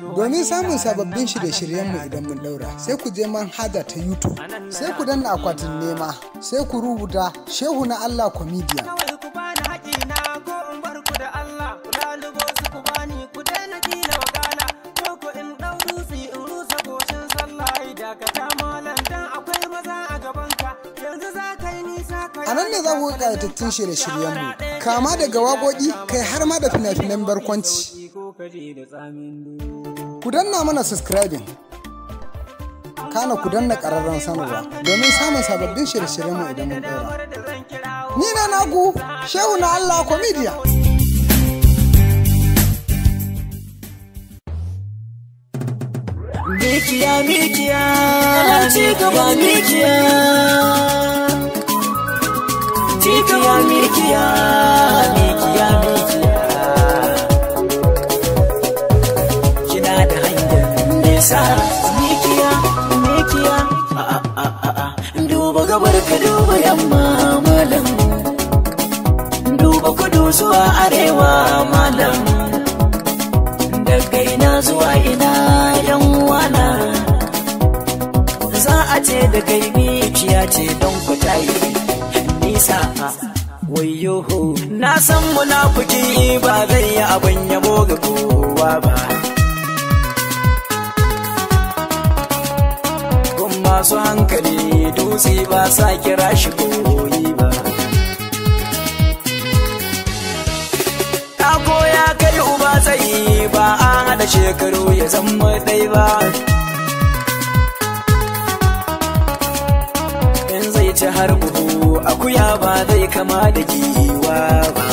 Domin samun sababbin shirye-shiryenmu idan mun daura, sai ku je manhaja ta YouTube, sai ku danna akwatin nema, sai ku rubuta Shehu na Allah Comedian. A nan ne za ku ƙayatattun shirye-shiryenmu, kama daga waƙoƙi kai har ma da fina-finan barkwanci. ku danna mana subscribing kana ku danna ƙararren sanarwa domin samun sababbin shirye mu idan mun ɗora. Ni na nagu shehu na Allah Comedian. Mikiya mikiya, ci gaba mikiya. Ci gaba mikiya, mikiya. isa mikiya mikiya duba gabar ka duba yamma malam duba kudu zuwa arewa malam daga ina zuwa ina yan wana za a ce da kai mikiya ce don ku tayi nisa wayo na san munafuki ba zai yi abin yabo ga kowa ba masu hankali dutse ba sa kira shi koyi ba Tako ya kai uba tsayi ba a haɗa shekaru ya zama ɗai ba In zai ci har buhu akuya ba zai kama da giwa ba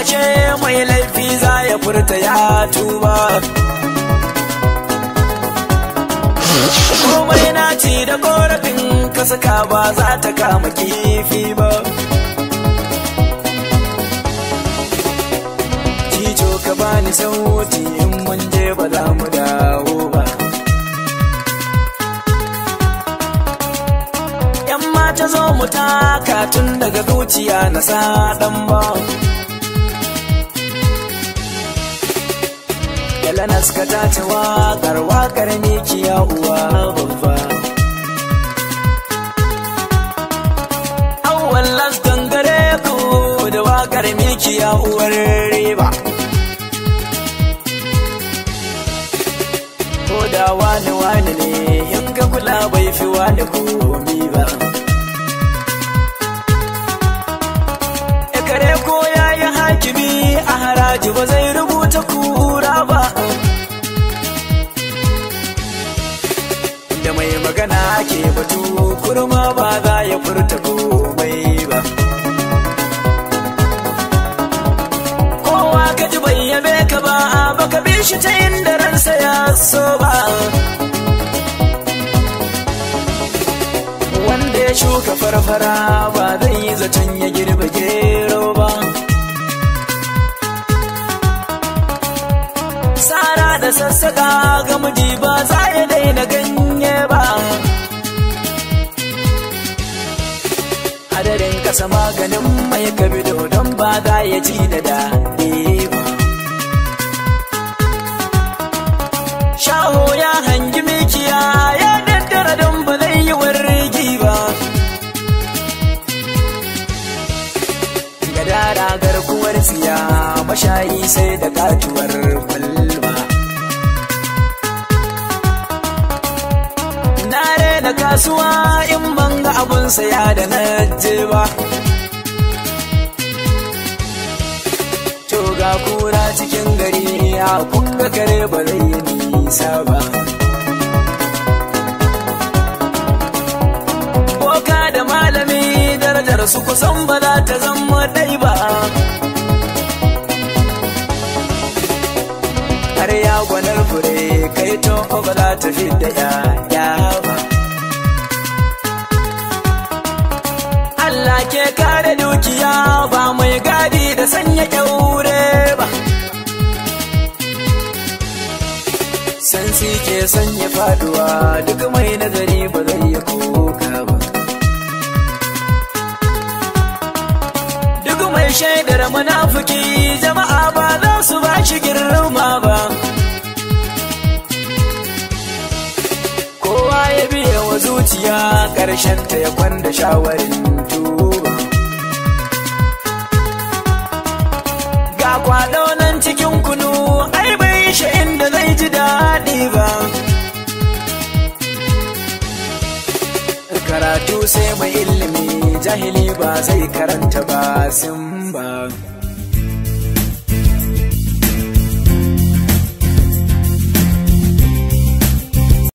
ashe mai laifi za ya furta ya tuba komai na ci da korafin kaska ba za ta kama kifi ba cico ka bani sauti in mun je ba za mu dawo ba yan mata zo mu taka tun daga zuciya na sa ɗan ba Yala naska ta ci waƙar waƙar mikiya uwa babba. Awwal las dangare ku da waƙar mikiya uwar riba. Ko da wani wani ne yanka kula bai fi wani komi ba. Ekare ko ya yi hakimi a haraji ba zai ma ba za ya furta komai ba kowa ka ji bayyabe ka ba ka bi shi ta inda ransa ya so ba wanda ya shuka farfara ba zai yi zaton ya girbe gero ba Sara da sassaƙa ga miji ba za ya daina ganye ba. adadin kasa maganin mai kabido don ba za ya ji da da ba. Shaho ya hangi mikiya ya daddara don ba zai yi rigi ba. dara garkuwar siya mashayi sai da katuwar kwalba. Na da kasuwa in ba ga abun saya da na je ba to kura cikin gari ya kuka kare ba zai yi nisa ba boka da malami darajar su kusan ba za ta zama dai ba har ya gwanar fure kai to ba za ta fi da ya ba ke kare dukiya ba mai gadi da sanya kyaure ba sansi ke sanya faduwa duk mai nazari ba zai yi koka ba duk mai shaidar munafuki jama'a ba za su ba shi girma ba kowa ya biya wa zuciya ƙarshen ta ya kwanda shawarin tuwo kwaɗo nan cikin kunu ai bai shi inda zai ji daɗi ba karatu sai mai ilimi jahili ba zai karanta ba sun ba